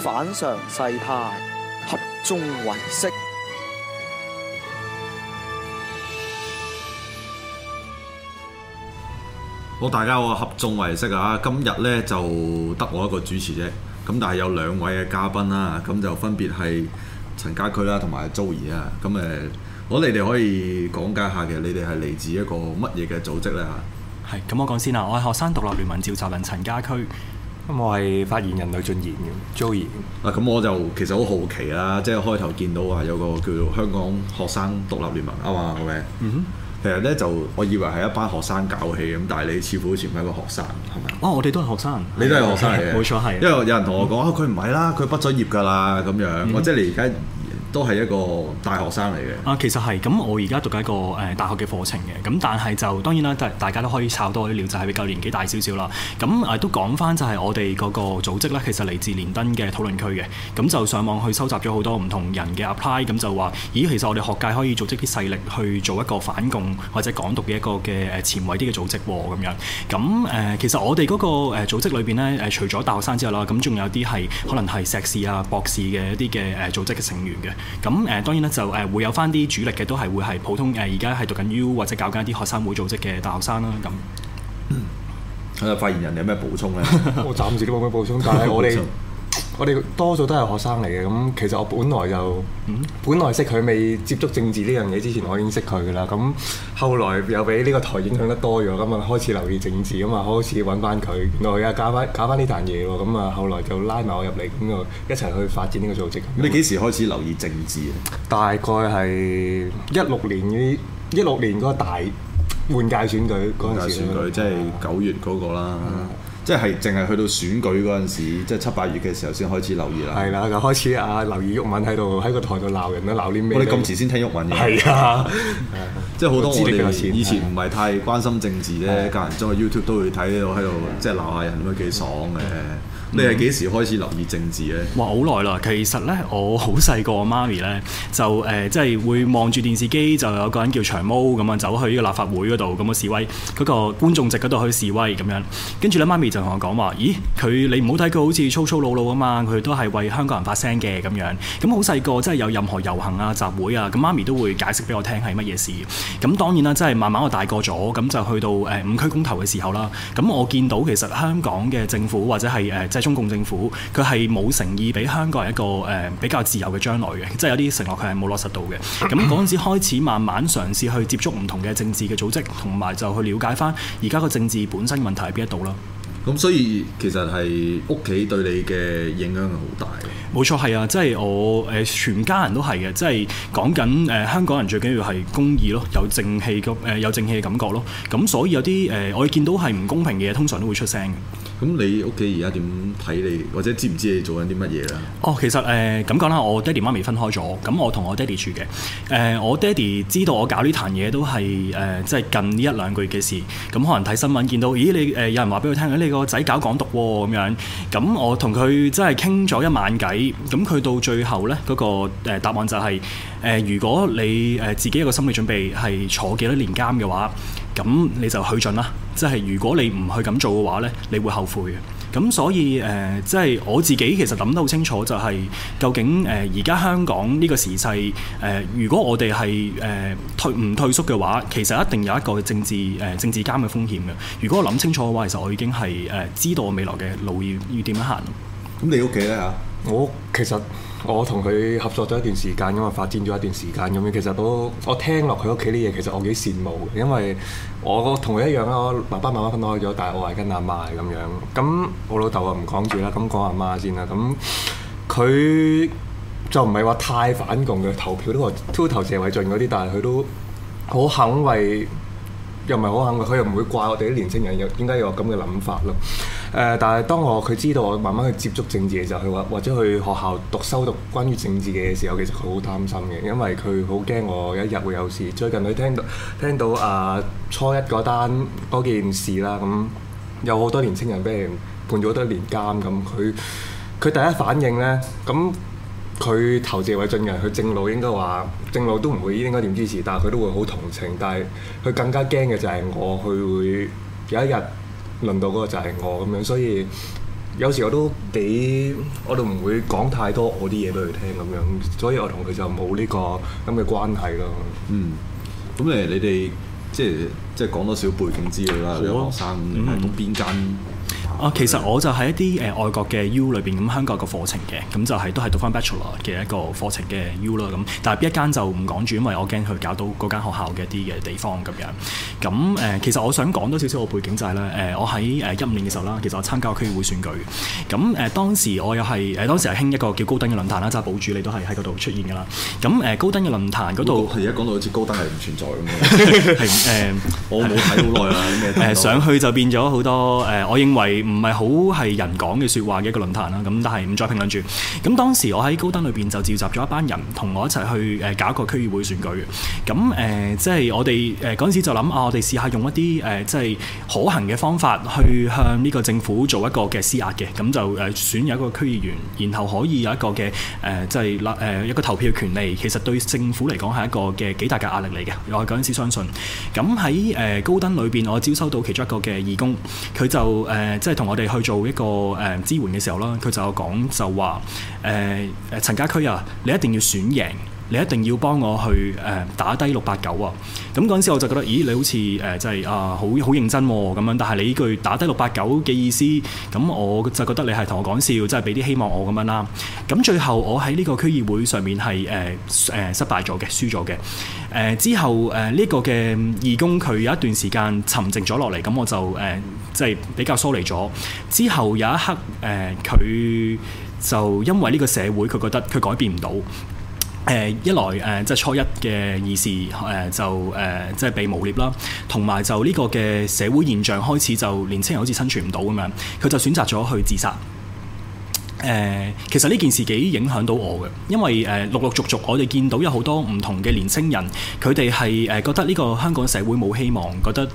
反常世態，合眾唯識。好，大家好合眾唯識啊！今日呢，就得我一個主持啫，咁但係有兩位嘅嘉賓啦，咁就分別係陳家駒啦，同埋 Joey 啊。咁誒，我你哋可以講解下嘅，你哋係嚟自一個乜嘢嘅組織呢？吓，係咁，我講先啦，我係學生獨立聯盟召集人陳家駒。嗯、我係發言人呂俊賢嘅 Joey。啊，咁我就其實好好奇啦，嗯、即係開頭見到話有個叫做香港學生獨立聯盟啊嘛，咁樣。嗯哼。其實咧就，我以為係一班學生搞嘅戲，咁但係你似乎好似唔係一個學生，係咪、嗯、哼吧哦，我哋都係學生，你都係學生嚟，嘅的？冇錯係。錯，因為有人同我講啊，佢唔係啦，佢畢咗業噶啦，咁樣。我即係你而家。 都係一個大學生嚟嘅啊，其實係咁，我而家讀緊一個誒、呃、大學嘅課程嘅，咁但係就當然啦，大大家都可以炒多啲料，呃、就係比較年紀大少少啦。咁誒都講翻就係我哋嗰個組織咧，其實嚟自連登嘅討論區嘅，咁就上網去收集咗好多唔同人嘅 apply，咁就話咦，其實我哋學界可以組織啲勢力去做一個反共或者港獨嘅一個嘅誒前衛啲嘅組織喎，咁樣。咁誒、呃、其實我哋嗰個誒組織裏邊咧誒，除咗大學生之外啦，咁仲有啲係可能係碩士啊、博士嘅一啲嘅誒組織嘅成員嘅。咁誒當然啦，就誒會有翻啲主力嘅都係會係普通誒而家係讀緊 U 或者搞緊一啲學生會組織嘅大學生啦咁。咁啊，發言人有咩補充咧？ 我暫時都冇咩補充，但係我哋。我哋多數都係學生嚟嘅，咁其實我本來就，嗯、本來識佢未接觸政治呢樣嘢之前，我已經識佢㗎喇。咁後來又俾呢個台影響得多咗，咁啊、嗯、開始留意政治，咁啊開始搵翻佢，原來而家搞翻搞翻呢壇嘢喎。咁啊後、後來就拉埋我入嚟，咁就一齊去發展呢個組織。你幾時開始留意政治啊？大概係一六年嗰啲，一六年嗰個大換屆選舉嗰陣時，換屆選舉即係九月嗰個啦。嗯嗯即係淨係去到選舉嗰陣時，即係七八月嘅時候先開始留意啦。係啦，就開始啊，留意毓民喺度喺個台度鬧人啦，鬧啲咩？我哋咁遲先聽毓民嘅。係啊的， 即係好多我哋以前唔係太關心政治咧，隔人中去 YouTube 都會睇，我喺度即係鬧下人咁樣幾爽嘅。你係幾時開始留意政治咧、嗯？哇，好耐啦！其實呢，我好細個，媽咪呢，就誒、呃，即係會望住電視機，就有個人叫長毛咁樣走去呢個立法會嗰度咁樣示威，嗰、嗰個觀眾席嗰度去示威咁樣。跟住咧，媽咪就同我講話：「咦，佢你唔好睇佢好似粗粗魯魯啊嘛，佢都係為香港人發聲嘅咁樣。咁好細個，真係有任何遊行啊、集會啊，咁媽咪都會解釋俾我聽係乜嘢事。咁當然啦，真係慢慢我大個咗，咁就去到誒、呃、五區公投嘅時候啦。咁我見到其實香港嘅政府或者係誒、呃中共政府佢係冇誠意俾香港人一個誒、呃、比較自由嘅將來嘅，即係有啲承諾佢係冇落實到嘅。咁嗰陣時開始慢慢嘗試去接觸唔同嘅政治嘅組織，同埋就去了解翻而家個政治本身問題係邊一度啦。咁所以其實係屋企對你嘅影響好大嘅。冇錯，係啊，即、就、係、是、我誒、呃、全家人都係嘅，即係講緊誒香港人最緊要係公義咯，有正氣嘅誒有正氣嘅感覺咯。咁、呃、所以有啲誒、呃、我哋見到係唔公平嘅嘢，通常都會出聲。咁你屋企而家點睇你？或者知唔知你做緊啲乜嘢咧？哦，其實誒咁講啦，我爹哋媽咪分開咗，咁我同我爹哋住嘅。誒、呃，我爹哋知道我搞呢壇嘢都係誒、呃，即係近呢一兩個月嘅事。咁、嗯、可能睇新聞見到，咦？你誒、呃、有人話俾佢聽，你個仔搞港獨喎、哦、咁樣。咁我同佢真係傾咗一晚偈。咁佢到最後咧嗰、那個答案就係、是、誒、呃，如果你誒、呃、自己有個心理準備係坐幾多年監嘅話。咁你就去盡啦，即係如果你唔去咁做嘅話呢，你會後悔嘅。咁所以誒、呃，即係我自己其實諗得好清楚，就係究竟誒而家香港呢個時勢誒、呃，如果我哋係誒退唔退縮嘅話，其實一定有一個政治誒、呃、政治監嘅風險嘅。如果我諗清楚嘅話，其實我已經係誒、呃、知道我未來嘅路要要點樣行。咁你屋企咧？我其實。我同佢合作咗一段時間，咁啊發展咗一段時間咁樣，其實都我聽落佢屋企啲嘢，其實我幾羨慕嘅，因為我同佢一樣啊，我爸爸媽媽分開咗，但係我係跟阿媽咁樣。咁我老豆啊唔講住啦，咁講阿媽先啦。咁佢就唔係話太反共嘅，投票都話挑頭謝偉俊嗰啲，但係佢都好肯為，又唔係好肯為，佢又唔會怪我哋啲年青人又點解有咁嘅諗法咯。誒、呃，但係當我佢知道我慢慢去接觸政治嘅時候，佢或或者去學校讀修讀關於政治嘅嘅時候，其實佢好擔心嘅，因為佢好驚我有一日會有事。最近佢聽到聽到啊初一嗰單嗰件事啦，咁、嗯、有好多年青人俾人判咗好多年監咁，佢、嗯、佢第一反應呢，咁、嗯、佢投謝偉俊嘅，佢正路應該話正路都唔會應該點支持，但係佢都會好同情。但係佢更加驚嘅就係我去會有一日。輪到嗰個就係我咁樣，所以有時我都幾，我都唔會講太多我啲嘢俾佢聽咁樣，所以我同佢就冇呢、呢個咁嘅關係咯。嗯，咁誒，你哋即係即係講多少背景之類啦，啲、啊、學生，你係讀邊間？嗯啊，其實我就喺一啲誒、呃、外國嘅 U 裏邊咁，香港個課程嘅，咁就係都係讀翻 Bachelor 嘅一個課程嘅、嗯就是、U 啦、嗯，咁但係一間就唔講住，因為我驚佢搞到嗰間學校嘅一啲嘅地方咁樣。咁、嗯、誒、呃，其實我想講多少少我嘅背景就係咧，誒、呃，我喺誒一五年嘅時候啦，其實我參加區議會選舉，咁、嗯、誒、呃、當時我又係誒當時係興一個叫高登嘅論壇啦，就係、是、堡主你都係喺嗰度出現㗎啦。咁、嗯、誒、呃、高登嘅論壇嗰度，而家講到好似高登係唔存在咁，係誒我冇睇好耐啦，咩、呃、上去就變咗好多誒、呃，我認為。唔係好係人講嘅說話嘅一個論壇啦，咁但係唔再評論住。咁當時我喺高登裏邊就召集咗一班人同我一齊去誒搞一個區議會選舉嘅。咁誒即係我哋誒陣時就諗啊，我哋試下用一啲誒即係可行嘅方法去向呢個政府做一個嘅施壓嘅。咁就誒、呃、選有一個區議員，然後可以有一個嘅誒即係誒一個投票權利。其實對政府嚟講係一個嘅幾大嘅壓力嚟嘅。我陣時相信。咁喺誒高登裏邊，我招收到其中一個嘅義工，佢就誒、呃、即係。同我哋去做一個誒支援嘅時候啦，佢就講就話：誒、呃、誒陳家駒啊，你一定要選贏。你一定要幫我去誒、呃、打低六八九啊！咁嗰陣時我就覺得，咦你好似誒即係啊好好認真咁、啊、樣，但係你呢句打低六八九嘅意思，咁我就覺得你係同我講笑，即係俾啲希望我咁樣啦、啊。咁最後我喺呢個區議會上面係誒誒失敗咗嘅，輸咗嘅。誒、呃、之後誒呢、呃呢個嘅義工佢有一段時間沉靜咗落嚟，咁我就誒即係比較疏離咗。之後有一刻誒佢、呃、就因為呢個社會，佢覺得佢改變唔到。誒一來誒、呃、即係初一嘅二、呃呃、是誒就誒即係被誣蔑啦，同埋就呢個嘅社會現象開始就年青人好似生存唔到咁樣，佢就選擇咗去自殺。誒，其實呢件事幾影響到我嘅，因為誒陸陸續續我哋見到有好多唔同嘅年青人，佢哋係誒覺得呢個香港社會冇希望，覺得誒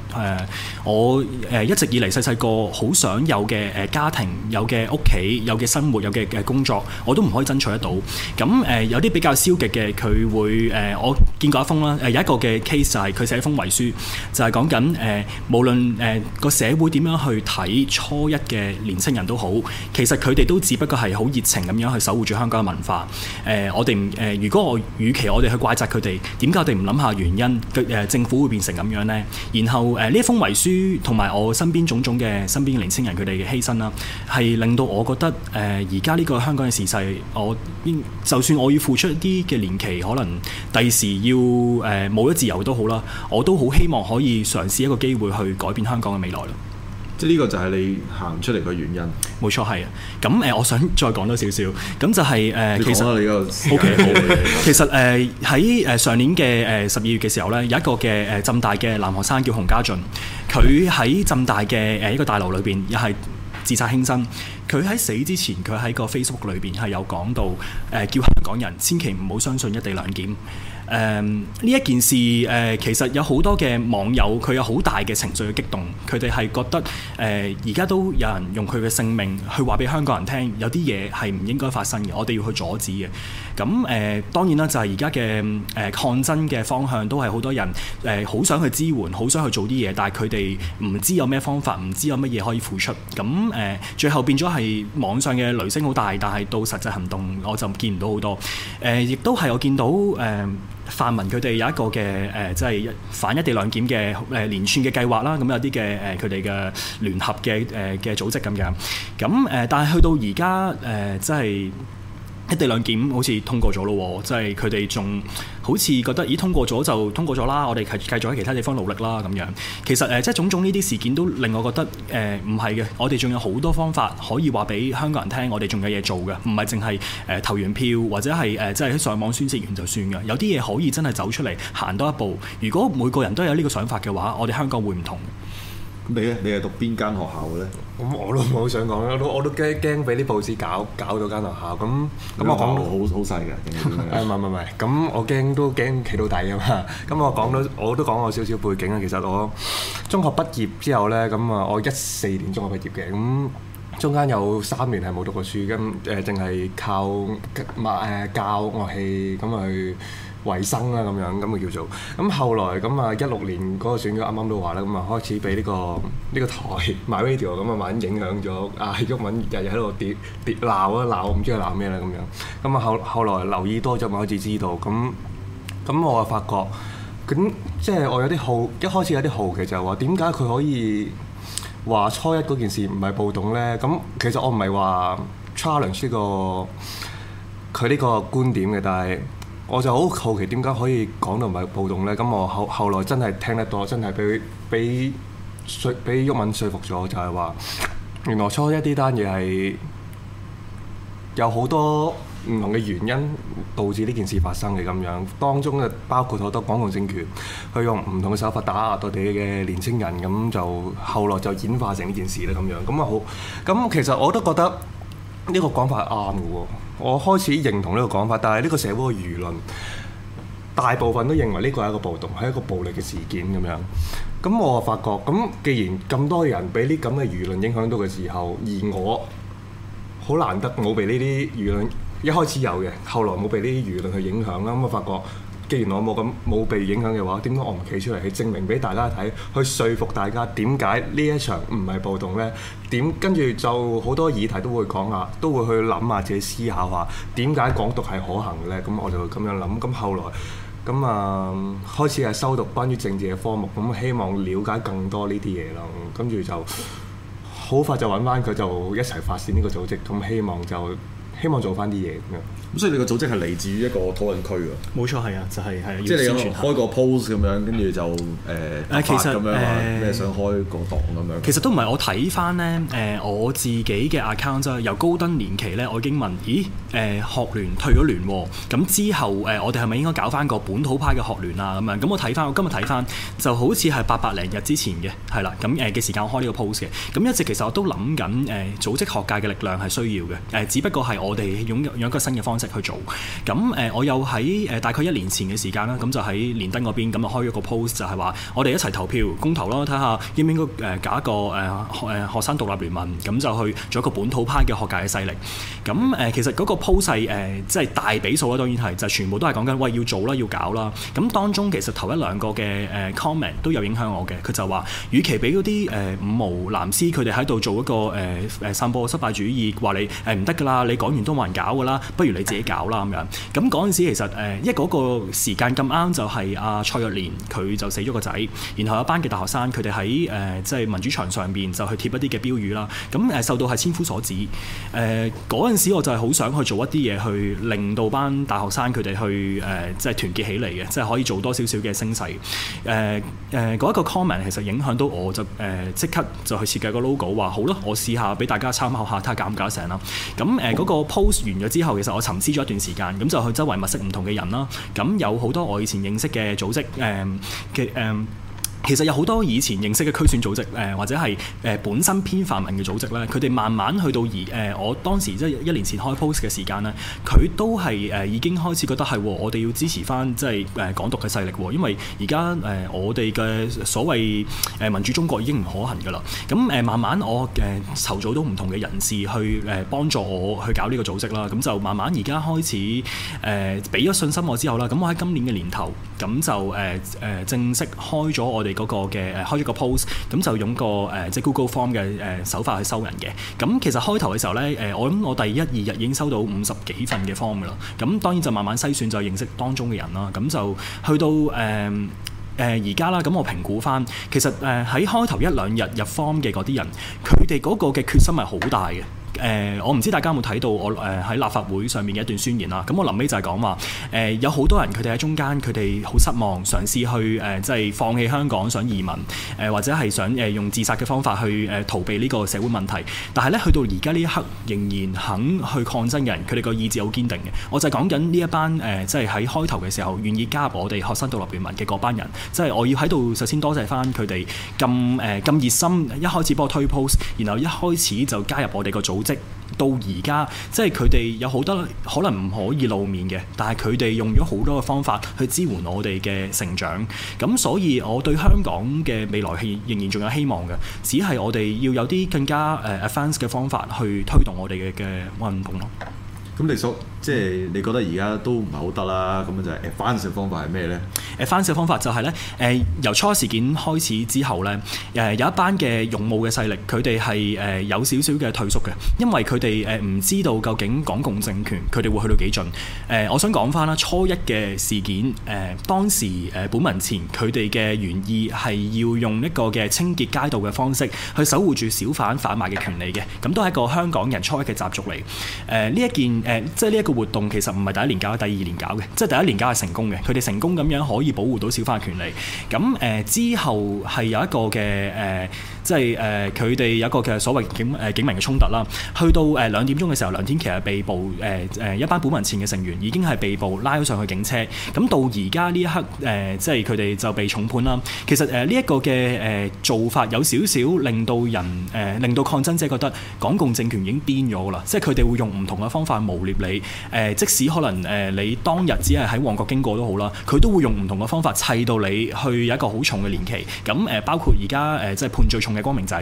我誒一直以嚟細細個好想有嘅誒家庭、有嘅屋企、有嘅生活、有嘅嘅工作，我都唔可以爭取得到。咁誒有啲比較消極嘅，佢會誒我見過一封啦。誒有一個嘅 case 就係佢寫一封遺書，就係講緊誒無論誒個社會點樣去睇初一嘅年青人都好，其實佢哋都只不過，都係好熱情咁樣去守護住香港嘅文化。誒、呃，我哋誒、呃，如果我與其我哋去怪責佢哋，點解我哋唔諗下原因？誒，政府會變成咁樣呢？然後誒，呢一封遺書同埋我身邊種種嘅身邊嘅年輕人佢哋嘅犧牲啦，係令到我覺得誒，而家呢個香港嘅時勢，我應就算我要付出一啲嘅年期，可能第時要誒冇咗自由都好啦，我都好希望可以嘗試一個機會去改變香港嘅未來咯。即係呢個就係你行出嚟嘅原因，冇錯係啊。咁誒、呃，我想再講多少少，咁就係、是、誒，呃、你其實 O K，好，其實誒喺誒上年嘅誒十二月嘅時候咧，有一個嘅誒浸大嘅男學生叫洪家俊，佢喺浸大嘅誒一個大樓裏邊又係自殺輕生。佢喺死之前，佢喺個 Facebook 裏邊係有講到誒、呃，叫香港人千祈唔好相信一地兩檢。誒呢、嗯、一件事誒、呃、其實有好多嘅網友佢有好大嘅情緒嘅激動，佢哋係覺得誒而家都有人用佢嘅性命去話俾香港人聽，有啲嘢係唔應該發生嘅，我哋要去阻止嘅。咁、嗯、誒、呃、當然啦，就係而家嘅誒抗爭嘅方向都係好多人誒好、呃、想去支援，好想去做啲嘢，但係佢哋唔知有咩方法，唔知有乜嘢可以付出。咁、嗯、誒、呃、最後變咗係網上嘅雷聲好大，但係到實際行動我就見唔到好多。誒亦都係我見到誒。呃呃泛民佢哋有一個嘅誒，即係反一地兩檢嘅誒，連串嘅計劃啦。咁有啲嘅誒，佢哋嘅聯合嘅誒嘅組織咁樣咁誒，但係去到而家誒，即係一地兩檢好似通過咗咯。即係佢哋仲。好似覺得，咦？通過咗就通過咗啦，我哋係繼續喺其他地方努力啦咁樣。其實誒，即、呃、係種種呢啲事件都令我覺得誒，唔係嘅。我哋仲有好多方法可以話俾香港人聽，我哋仲有嘢做嘅，唔係淨係誒投完票或者係誒、呃、即係喺上網宣泄完就算嘅。有啲嘢可以真係走出嚟行多一步。如果每個人都有呢個想法嘅話，我哋香港會唔同？你咧？你係讀邊間學校嘅咧？咁、嗯、我都唔想講啦，都我都驚驚俾啲報紙搞搞到間學校。咁咁啊，我講到好好細嘅。誒唔係唔係，咁 我驚都驚企到底啊嘛。咁我講到，我都講我少少背景啊。其實我中學畢業之後咧，咁啊，我一四年中學畢業嘅。咁中間有三年係冇讀過書，咁誒淨係靠賣、呃、教樂器，咁啊去，衞生啦、啊、咁樣，咁咪叫做咁。後來咁啊，一六年嗰個選舉啱啱都話啦，咁啊開始俾呢、呢個呢、呢個台買 radio 咁啊慢慢影響咗啊，粵文日日喺度跌跌鬧啊鬧，唔知佢鬧咩啦咁樣。咁啊後後來留意多咗，咪開始知道咁。咁我啊發覺咁即係我有啲好一開始有啲好奇，就係話點解佢可以話初一嗰件事唔係暴動咧？咁其實我唔係話 challenge 呢個佢呢個觀點嘅，但係。我就好好奇點解可以講到唔係暴動咧？咁我後後來真係聽得多，真係俾俾説俾毓民説服咗，就係、是、話原來初一啲單嘢係有好多唔同嘅原因導致呢件事發生嘅咁樣，當中咧包括好多廣東政權佢用唔同嘅手法打壓我哋嘅年青人，咁就後來就演化成呢件事咧咁樣。咁啊好，咁其實我都覺得呢個講法係啱嘅喎。我開始認同呢個講法，但係呢個社會嘅輿論大部分都認為呢個係一個暴動，係一個暴力嘅事件咁樣。咁我發覺，咁既然咁多人俾呢咁嘅輿論影響到嘅時候，而我好難得冇被呢啲輿論一開始有嘅，後來冇被呢啲輿論去影響啦。咁我發覺。既然我冇咁冇被影響嘅話，點解我唔企出嚟去證明俾大家睇，去説服大家點解呢一場唔係暴動呢？點跟住就好多議題都會講下，都會去諗下，自己思考下點解港獨係可行嘅呢？咁我就會咁樣諗。咁後來咁啊、呃，開始係修讀關於政治嘅科目，咁希望了解更多呢啲嘢咯。跟住就好快就揾翻佢，就一齊發展呢個組織。咁希望就希望做翻啲嘢。咁所以你個組織係嚟自於一個討論區啊？冇錯係啊，就係、係、係。即係你開個 post 咁樣，跟住就、欸、其實發咁樣啊咩、呃、想開個黨咁樣。其實都唔係，我睇翻咧誒我自己嘅 account 啫。由高登年期咧，我已經問，咦誒、呃、學聯退咗聯喎，咁、哦、之後誒、呃、我哋係咪應該搞翻個本土派嘅學聯啊？咁樣咁我睇翻，我今日睇翻就好似係八百零日之前嘅，係啦，咁誒嘅時間我開呢個 post 嘅。咁一直其實我都諗緊誒組織學界嘅力量係需要嘅，誒、呃、只不過係我哋擁有用一個新嘅方式。去做，咁誒、 嗯，我又喺誒大概一年前嘅時間啦，咁、嗯、就喺連登嗰邊咁啊、嗯、開咗個 post 就係話，我哋一齊投票公投咯，睇下應唔應該誒搞一個誒誒、呃、學生獨立聯盟，咁、嗯、就去做一個本土派嘅學界嘅勢力。咁、嗯、誒、嗯、其實嗰個 post 誒、呃、即係大比數咧，當然係就是、全部都係講緊喂要做啦，要搞啦。咁、嗯、當中其實頭一兩個嘅誒 comment 都有影響我嘅，佢就話，與其俾嗰啲誒五毛藍絲佢哋喺度做一個誒誒、呃、散播失敗主義，話你誒唔得噶啦，你講完都冇人搞噶啦，不如你，自己搞啦咁樣，咁嗰陣時其實誒，一個個時間咁啱就係阿蔡若蓮佢就死咗個仔，然後一班嘅大學生佢哋喺誒即係民主牆上面就去貼一啲嘅標語啦，咁誒受到係千夫所指，誒嗰陣時我就係好想去做一啲嘢去令到班大學生佢哋去誒即係團結起嚟嘅，即係可以做多少少嘅聲勢，誒誒嗰一個 comment 其實影響到我就誒即刻就去設計個 logo，話好咯，我試下俾大家參考下睇下搞唔搞成啦，咁誒嗰個 post 完咗之後，其實我沉思咗一段時間，咁就去周圍物色唔同嘅人啦。咁有好多我以前認識嘅組織，誒嘅誒。其，嗯其實有好多以前認識嘅區選組織，誒、呃、或者係誒、呃、本身偏泛民嘅組織咧，佢哋慢慢去到而誒、呃，我當時即係一年前開 post 嘅時間咧，佢都係誒、呃、已經開始覺得係、嗯，我哋要支持返即係誒港獨嘅勢力喎，因為而家誒我哋嘅所謂誒民主中國已經唔可行噶啦。咁誒、呃、慢慢我誒籌組到唔同嘅人士去誒、呃、幫助我去搞呢個組織啦。咁就慢慢而家開始誒俾咗信心我之後啦。咁我喺今年嘅年頭，咁就誒誒、呃呃、正式開咗我哋。嗰個嘅誒開咗個 post，咁就用個誒即、呃、係、就是、Google Form 嘅誒、呃、手法去收人嘅。咁其實開頭嘅時候咧，誒、呃、我諗我第一二日已經收到五十幾份嘅 form 噶啦。咁當然就慢慢篩選，就認識當中嘅人啦。咁就去到誒誒而家啦。咁我評估返，其實誒喺、呃、開頭一兩日入 form 嘅嗰啲人，佢哋嗰個嘅決心係好大嘅。誒、呃，我唔知大家有冇睇到我誒喺立法會上面嘅一段宣言啦。咁我臨尾就係講話，誒、呃、有好多人佢哋喺中間，佢哋好失望，嘗試去誒即係放棄香港，想移民，誒、呃、或者係想誒、呃、用自殺嘅方法去誒逃避呢個社會問題。但係咧，去到而家呢一刻，仍然肯去抗爭嘅人，佢哋個意志好堅定嘅。我就係講緊呢一班誒，即係喺開頭嘅時候願意加入我哋學生獨立聯盟嘅嗰班人。即、就、係、是、我要喺度首先多謝返佢哋咁誒咁熱心，一開始幫我推 post，然後一開始就加入我哋個組。直到而家，即係佢哋有好多可能唔可以露面嘅，但係佢哋用咗好多嘅方法去支援我哋嘅成長。咁所以，我對香港嘅未來係仍然仲有希望嘅，只係我哋要有啲更加誒 advanced 嘅方法去推動我哋嘅嘅運動咯。咁黎叔。即係你覺得而家都唔係好得啦，咁就係誒翻勢方法係咩呢？誒翻勢方法就係咧誒由初一事件開始之後咧，誒、呃、有一班嘅勇武嘅勢力，佢哋係誒有少少嘅退縮嘅，因為佢哋誒唔知道究竟港共政權佢哋會去到幾盡。誒、呃，我想講翻啦，初一嘅事件誒、呃、當時誒、呃、本民前佢哋嘅原意係要用一個嘅清潔街道嘅方式去守護住小販販、販賣嘅權利嘅，咁都係一個香港人初一嘅習俗嚟。誒、呃、呢一件誒即係呢一個。活動其實唔係第一年搞，第二年搞嘅，即係第一年搞係成功嘅，佢哋成功咁樣可以保護到小花嘅權利。咁，誒、呃，之後係有一個嘅誒。呃即係誒，佢、呃、哋有一個嘅所謂警誒警民嘅衝突啦。去到誒兩、呃、點鐘嘅時候，梁天琦係被捕誒誒、呃呃、一班本民前嘅成員已經係被捕拉咗上去警車。咁、嗯、到而家呢一刻誒、呃，即係佢哋就被重判啦。其實誒呢一個嘅誒、呃、做法有少少令到人誒、呃、令到抗爭者覺得港共政權已經癲咗啦。即係佢哋會用唔同嘅方法污蔑你誒、呃，即使可能誒、呃、你當日只係喺旺角經過都好啦，佢都會用唔同嘅方法砌到你去有一個好重嘅年期。咁誒包括而家誒即係判罪重。光明仔，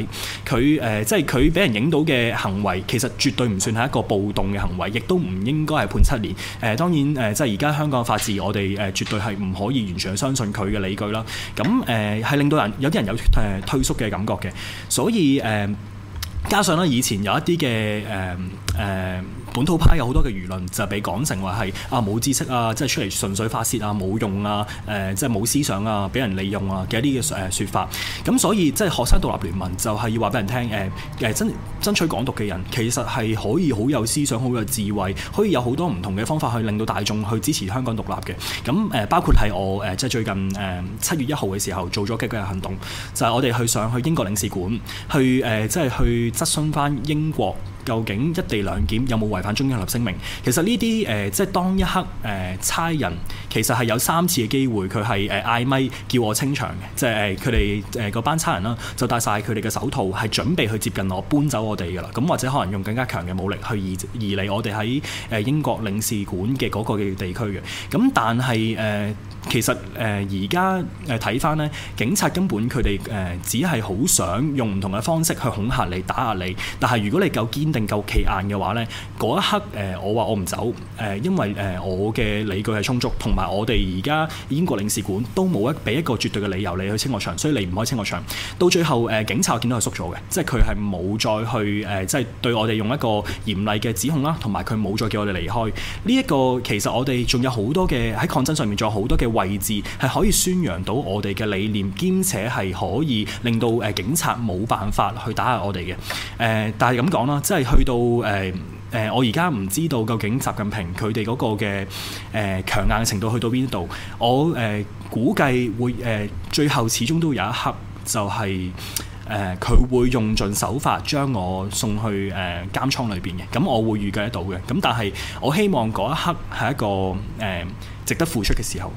佢誒、呃、即係佢俾人影到嘅行為，其實絕對唔算係一個暴動嘅行為，亦都唔應該係判七年。誒、呃、當然誒、呃，即係而家香港法治，我哋誒絕對係唔可以完全相信佢嘅理據啦。咁誒係令到人有啲人有誒、呃、退縮嘅感覺嘅，所以誒、呃、加上咧以前有一啲嘅誒誒。呃呃本土派有好多嘅輿論就係被講成話係啊冇知識啊，即係出嚟純粹發泄啊，冇用啊，誒、呃、即係冇思想啊，俾人利用啊嘅一啲嘅誒説法。咁所以即係學生獨立聯盟就係要話俾人聽誒誒爭爭取港獨嘅人其實係可以好有思想、好有智慧，可以有好多唔同嘅方法去令到大眾去支持香港獨立嘅。咁誒包括係我誒、呃、即係最近誒七、呃、月一號嘅時候做咗嘅嘅行動，就係、是、我哋去上去英國領事館去誒、呃，即係去質詢翻英國。究竟一地兩檢有冇違反中英聯合聲明？其實呢啲誒，即係當一刻誒差人其實係有三次嘅機會，佢係誒嗌咪叫我清場嘅，即係佢哋誒嗰班差人啦，就戴晒佢哋嘅手套係準備去接近我，搬走我哋㗎喇，咁或者可能用更加強嘅武力去移移離我哋喺誒英國領事館嘅嗰個嘅地區嘅，咁但係誒。呃其實誒而家誒睇翻呢，警察根本佢哋誒只係好想用唔同嘅方式去恐嚇你、打壓你。但係如果你夠堅定、夠企硬嘅話呢，嗰一刻誒、呃、我話我唔走誒、呃，因為誒、呃、我嘅理據係充足，同埋我哋而家英國領事館都冇一俾一個絕對嘅理由你去清我場，所以你唔可以清我場。到最後誒、呃，警察見到佢縮咗嘅，即係佢係冇再去誒、呃，即係對我哋用一個嚴厲嘅指控啦，同埋佢冇再叫我哋離開。呢、這、一個其實我哋仲有好多嘅喺抗爭上面仲有好多嘅。位置係可以宣揚到我哋嘅理念，兼且係可以令到誒警察冇辦法去打壓我哋嘅誒。但係咁講啦，即係去到誒誒、呃呃，我而家唔知道究竟習近平佢哋嗰個嘅誒、呃、強硬程度去到邊度。我誒、呃、估計會誒、呃，最後始終都有一刻就係誒佢會用盡手法將我送去誒、呃、監倉裏邊嘅。咁我會預計得到嘅。咁但係我希望嗰一刻係一個誒、呃、值得付出嘅時候。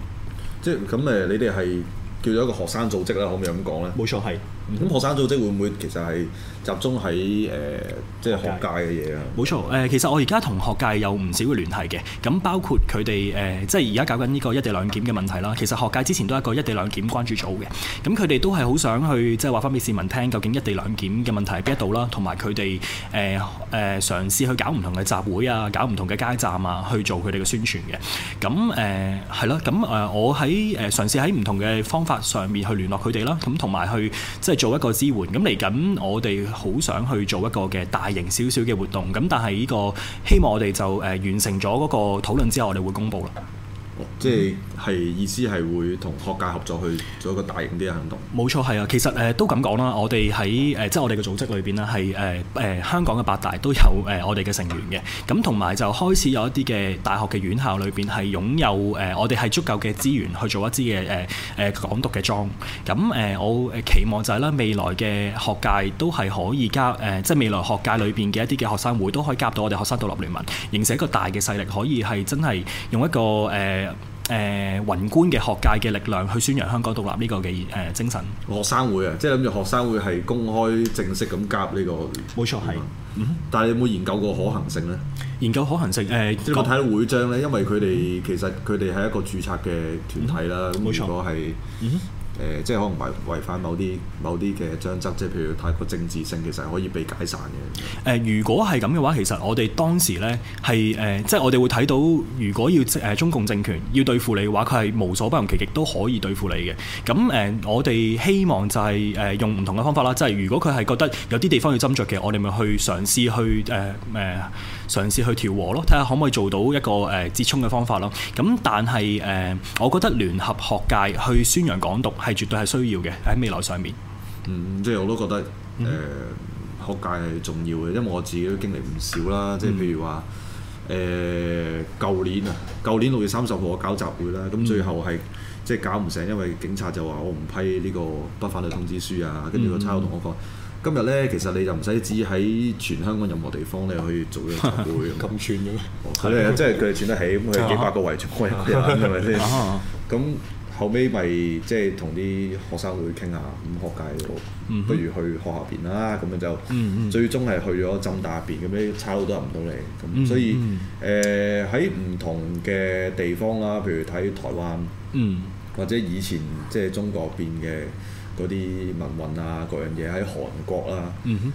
即係咁誒，你哋係叫做一個學生組織啦，可唔可以咁講咧？冇錯，係。咁學生組織會唔會其實係？集中喺誒、呃、即係學界嘅嘢啊？冇錯，誒、呃、其實我而家同學界有唔少嘅聯繫嘅，咁包括佢哋誒即係而家搞緊呢個一地兩檢嘅問題啦。其實學界之前都係一個一地兩檢關注組嘅，咁佢哋都係好想去即係話翻俾市民聽，究竟一地兩檢嘅問題喺邊一度啦，同埋佢哋誒誒嘗試去搞唔同嘅集會啊，搞唔同嘅街站啊，去做佢哋嘅宣傳嘅。咁誒係咯，咁、呃、誒我喺誒嘗試喺唔同嘅方法上面去聯絡佢哋啦，咁同埋去即係做一個支援。咁嚟緊我哋。好想去做一個嘅大型少少嘅活動咁，但係依個希望我哋就誒完成咗嗰個討論之後，我哋會公布啦。即係，係意思係會同學界合作去做一個大型啲嘅行動。冇錯，係啊。其實誒、呃，都咁講啦。我哋喺誒，即係我哋嘅組織裏邊啦，係誒誒，香港嘅八大都有誒、呃,我哋嘅成員嘅。咁同埋就開始有一啲嘅大學嘅院校裏邊係擁有誒、呃，我哋係足夠嘅資源去做一支嘅誒誒港獨嘅莊。咁誒、呃，我誒期望就係啦，未來嘅學界都係可以加誒、呃，即係未來學界裏邊嘅一啲嘅學生會都可以加到我哋學生獨立聯盟，形成一個大嘅勢力，可以係真係用一個誒。呃呃誒、呃，宏觀嘅學界嘅力量去宣揚香港獨立呢個嘅誒、呃、精神。學生會啊，即係諗住學生會係公開正式咁加入呢個。冇錯，係。嗯、但係有冇研究過可行性呢？研究可行性，誒、呃，即係有睇到會章咧，因為佢哋、嗯、哼其實佢哋係一個註冊嘅團體啦。冇、嗯、錯。如誒、呃，即係可能違違反某啲某啲嘅章則，即係譬如太過政治性，其實可以被解散嘅。誒，如果係咁嘅話，其實我哋當時咧係誒，即係我哋會睇到，如果要誒、呃、中共政權要對付你嘅話，佢係無所不用其極都可以對付你嘅。咁誒、呃，我哋希望就係、是、誒、呃、用唔同嘅方法啦，即係如果佢係覺得有啲地方要斟酌嘅，我哋咪去嘗試去誒誒。呃呃嘗試去調和咯，睇下可唔可以做到一個誒折衷嘅方法咯。咁但係誒、呃，我覺得聯合學界去宣揚港獨係絕對係需要嘅喺未來上面。嗯，即係我都覺得誒、呃嗯、學界係重要嘅，因為我自己都經歷唔少啦。即係譬如話誒，舊、呃、年啊，舊年六月三十號我搞集會啦，咁最後係、嗯、即係搞唔成，因為警察就話我唔批呢個不反對通知書啊，跟住個差佬同我講。嗯。今日咧，其實你就唔使知喺全香港任何地方你可以做一個集會咁。串嘅係啊，們 即係佢哋串得起，咁佢幾百個圍全部入嚟咪先？咁 後尾咪即係同啲學生會傾下，咁學界度，不如去學校邊啦。咁樣就最終係去咗浸大邊，咁樣差好多入唔到嚟。咁所以誒，喺唔同嘅地方啦，譬如睇台灣，或者以前即係中國邊嘅。嗰啲民運啊，各樣嘢喺韓國啦、啊嗯哼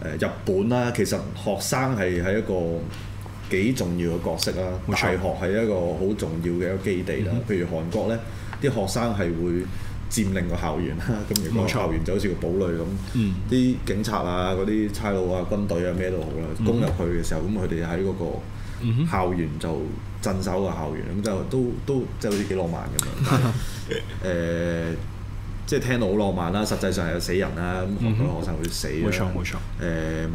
呃，日本啦、啊，其實學生係喺一個幾重要嘅角色啊，錯大學係一個好重要嘅一個基地啦、啊。譬、嗯、哼 如韓國呢啲學生係會佔領個校園啦，咁如果校園就好似個堡壘咁，啲、嗯、哼 警察啊、嗰啲差佬啊、軍隊啊咩都好啦，攻入去嘅時候，咁佢哋喺嗰個校園就鎮守個校園，咁就都都即係好似幾浪漫咁樣。誒。 即係聽到好浪漫啦，實際上係有死人啦，咁好多學生會死。冇錯，冇錯。誒，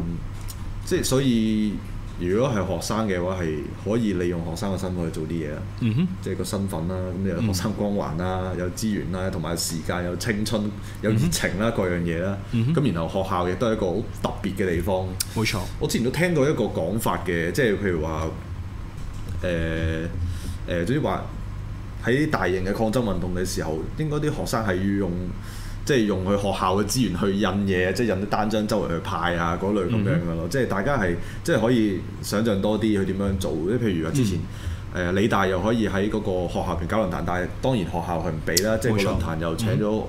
即係所以，如果係學生嘅話，係可以利用學生嘅身份去做啲嘢啦。Mm hmm. 即係個身份啦，咁你有學生光環啦，有資源啦，同埋時間，有青春，有熱情啦，mm hmm. 各樣嘢啦。咁、mm hmm. 然後學校亦都係一個好特別嘅地方。冇錯。我之前都聽過一個講法嘅，即係譬如話，誒、呃、誒、呃，總之話。喺大型嘅抗爭運動嘅時候，應該啲學生係要用，即係用佢學校嘅資源去印嘢，即係印啲單張周圍去派啊，嗰類咁樣嘅咯。即係大家係即係可以想象多啲去點樣做。即係譬如話之前，誒理大又可以喺嗰個學校入邊搞論壇，但係當然學校係唔俾啦。即係佢論壇又請咗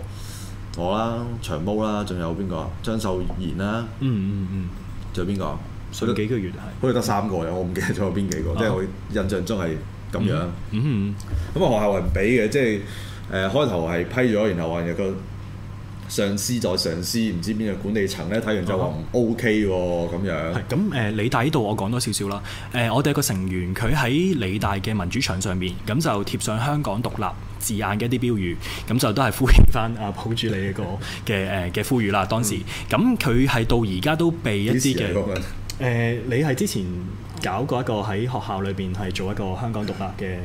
我啦、長毛啦，仲有邊個張秀賢啦？嗯嗯嗯，仲有邊個？請咗幾個月好似得三個嘅，我唔記得咗有邊幾個，即係我印象中係。咁樣，咁啊、嗯嗯嗯、學校係唔俾嘅，即係誒開頭係批咗，然後話有個上司再上司，唔知邊個管理層咧睇完就話唔 OK 喎，咁樣，嗯嗯、樣。咁誒、呃，理大呢度我講多少少啦。誒、呃，我哋一個成員，佢喺理大嘅民主牆上面，咁就貼上香港獨立字眼嘅一啲標語，咁就都係呼應翻阿潘主席嘅個嘅誒嘅呼籲啦。當時，咁佢係到而家都被一啲嘅，誒、呃，你係之前。搞過一個喺學校裏邊，係做一個香港獨立嘅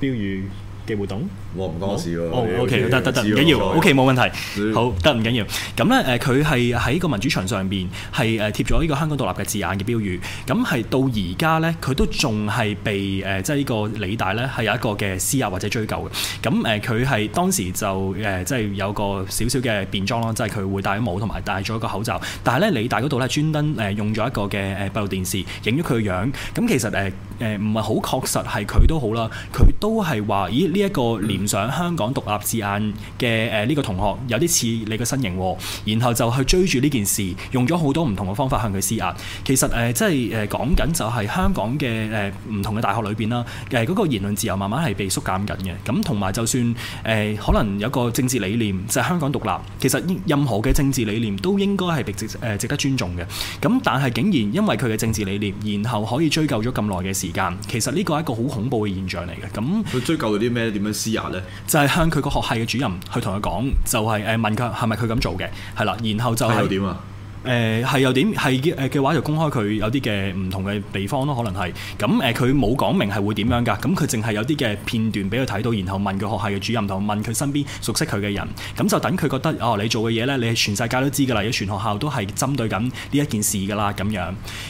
標語，嘅活動，我唔多事喎。OK 得得得，唔緊要，OK，冇問題。好，得唔緊要。咁咧，誒，佢係喺個民主牆上邊係誒貼咗呢個香港獨立嘅字眼嘅標語。咁係到而家咧，佢都仲係被誒，即係呢個理大咧係有一個嘅施壓或者追究嘅。咁誒，佢係當時就誒，即係有個少少嘅變裝咯，即係佢會戴帽同埋戴咗個口罩。但係咧，理大嗰度咧專登誒用咗一個嘅誒閉路電視影咗佢嘅樣。咁其實誒誒唔係好確實係佢都好啦，佢都係話：咦？一個聯上香港獨立字眼嘅，誒呢個同學有啲似你個身形，然後就去追住呢件事，用咗好多唔同嘅方法向佢施壓。其實誒、呃、即係誒、呃、講緊就係香港嘅誒唔同嘅大學裏邊啦，誒、呃、嗰、那個言論自由慢慢係被縮減緊嘅。咁、嗯、同埋就算誒、呃、可能有個政治理念就係、是、香港獨立，其實任何嘅政治理念都應該係值得尊重嘅。咁、嗯、但係竟然因為佢嘅政治理念，然後可以追究咗咁耐嘅時間，其實呢個係一個好恐怖嘅現象嚟嘅。咁、嗯、佢追究啲咩？點樣施壓咧？就係向佢個學系嘅主任去同佢講，就係誒問佢係咪佢咁做嘅，係啦，然後就係、是。誒係又點係嘅嘅話就公開佢有啲嘅唔同嘅地方咯，可能係咁誒佢冇講明係會點樣㗎？咁佢淨係有啲嘅片段俾佢睇到，然後問佢學校嘅主任同問佢身邊熟悉佢嘅人，咁就等佢覺得哦，你做嘅嘢呢，你係全世界都知㗎啦，要全學校都係針對緊呢一件事㗎啦，咁樣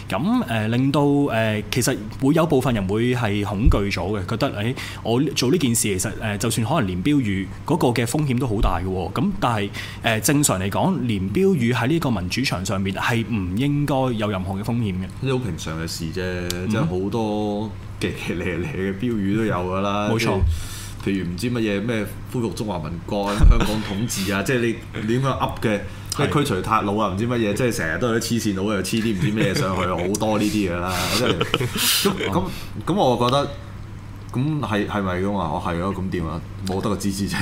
咁誒、呃、令到誒、呃、其實會有部分人會係恐懼咗嘅，覺得誒、哎、我做呢件事其實誒、呃、就算可能連標語嗰個嘅風險都好大嘅喎，咁但係誒、呃、正常嚟講連標語喺呢個民主場。上面係唔應該有任何嘅風險嘅，呢啲好平常嘅事啫，即係好多嘅咧咧嘅標語都有噶啦，冇錯。譬如唔知乜嘢咩恢復中華民國、香港統治啊，即係你點樣噏嘅，即係驅除韃虜啊，唔知乜嘢，即係成日都有啲黐線佬又黐啲唔知咩嘢上去，好多呢啲嘢啦。咁咁，我覺得咁係係咪咁話？我係咯，咁點啊？冇得個支持啫，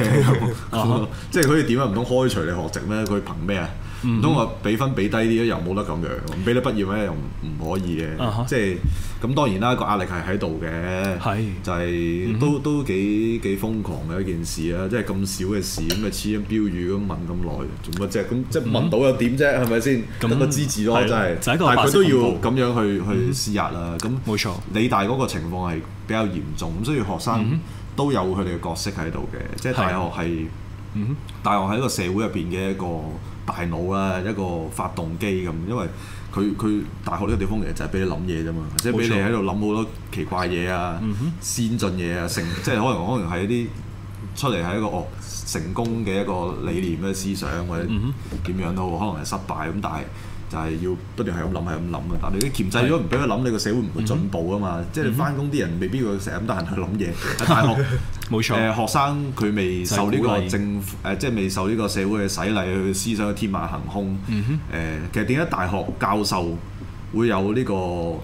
即係佢以點啊？唔通開除你學籍咩？佢憑咩啊？唔通我俾分俾低啲咧，又冇得咁樣；俾你畢業咩？又唔可以嘅。即係咁，當然啦，個壓力係喺度嘅。係就係都都幾幾瘋狂嘅一件事啊！即係咁少嘅事，咁啊黐緊標語咁問咁耐，做乜啫？咁即係問到又點啫？係咪先？得個知字咯，真係。但係佢都要咁樣去去施壓啦。咁冇錯，理大嗰個情況係比較嚴重，咁所以學生都有佢哋嘅角色喺度嘅。即係大學係，大學係一個社會入邊嘅一個。大腦啊，一個發動機咁，因為佢佢大學呢個地方其實就係俾你諗嘢啫嘛，錯即係俾你喺度諗好多奇怪嘢啊、嗯、哼先進嘢啊，成即係可能可能係一啲出嚟係一個哦成功嘅一個理念嘅思想或者點樣都好，可能係失敗咁，但係就係要不斷係咁諗係咁諗嘅。但你啲鉗制如果唔俾佢諗，是你個社會唔會進步啊嘛。嗯、哼即係你翻工啲人未必會成日咁得閒去諗嘢喺大學。 冇錯，誒學生佢未受呢個政府誒，鼓即係未受呢個社會嘅洗禮，去思想天馬行空。誒、嗯哼，其實點解大學教授會有呢、這個誒、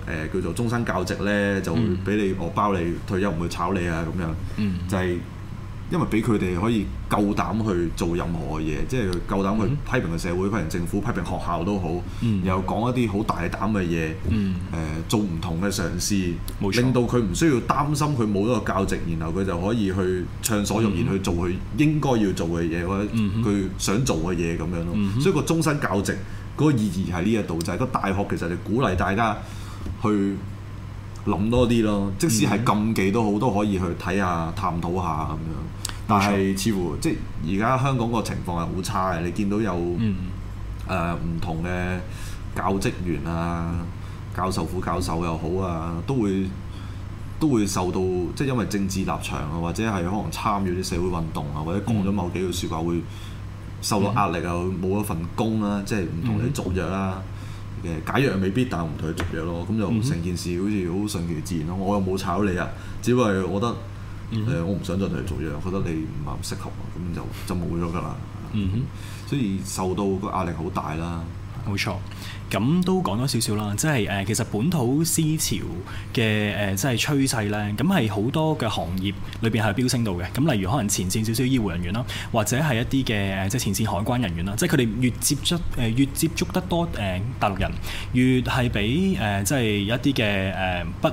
呃、叫做終身教職呢？就俾你、嗯、我包你退休，唔會炒你啊咁樣，嗯、哼就係、是。因為俾佢哋可以夠膽去做任何嘅嘢，即係夠膽去批評個社會、批評、嗯、政府、批評學校都好，又講、嗯、一啲好大膽嘅嘢，誒、嗯、做唔同嘅嘗試，冇錯、令到佢唔需要擔心佢冇一個教職，然後佢就可以去暢所欲言、嗯、去做佢應該要做嘅嘢，或者佢想做嘅嘢咁樣咯。嗯嗯、所以個終身教職嗰個意義係呢一度，就係、係、個大學其實你鼓勵大家去諗多啲咯，即使係禁忌都好，都可以去睇下、探討下咁樣。但係似乎即係而家香港個情況係好差嘅，你見到有誒唔、嗯呃、同嘅教職員啊、教授、副教授又好啊，都會都會受到即係因為政治立場啊，或者係可能參與啲社會運動啊，或者講咗某幾個説話會受到壓力啊，冇一、嗯、份工啦、啊，即係唔同你續約啦，誒、嗯、解約未必，但係唔同你續約咯，咁就成件事好似好順其自然咯、啊，我又冇炒你啊，只不過係我覺得。誒、mm hmm. 呃，我唔想再同你做嘢，我覺得你唔係咁適合，咁就就冇咗㗎啦。嗯哼、mm，hmm. 所以受到個壓力好大啦。冇錯，咁都講咗少少啦，即係誒，其實本土思潮嘅誒，即係趨勢咧，咁係好多嘅行業裏邊係飆升到嘅。咁例如可能前線少少醫護人員啦，或者係一啲嘅即係前線海關人員啦，即係佢哋越接觸誒，越接觸得多誒大陸人，越係俾誒，即係有一啲嘅誒不。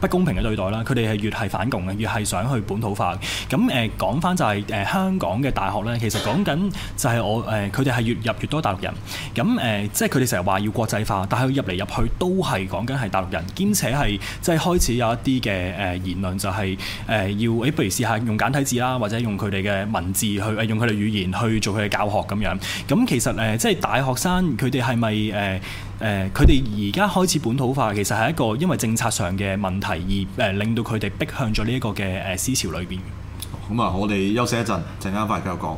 不公平嘅對待啦，佢哋係越係反共嘅，越係想去本土化。咁誒講翻就係、是、誒、呃、香港嘅大學呢，其實講緊就係我誒佢哋係越入越多大陸人。咁誒、呃、即係佢哋成日話要國際化，但係佢入嚟入去都係講緊係大陸人，兼且係即係開始有一啲嘅誒言論就係、是、誒、呃、要誒、欸，譬如試下用簡體字啦，或者用佢哋嘅文字去、呃、用佢哋語言去做佢嘅教學咁樣。咁其實誒即係大學生佢哋係咪誒？誒，佢哋而家開始本土化，其實係一個因為政策上嘅問題而誒，令到佢哋逼向咗呢一個嘅誒思潮裏邊。咁啊，我哋休息一陣，陣間返嚟繼續講。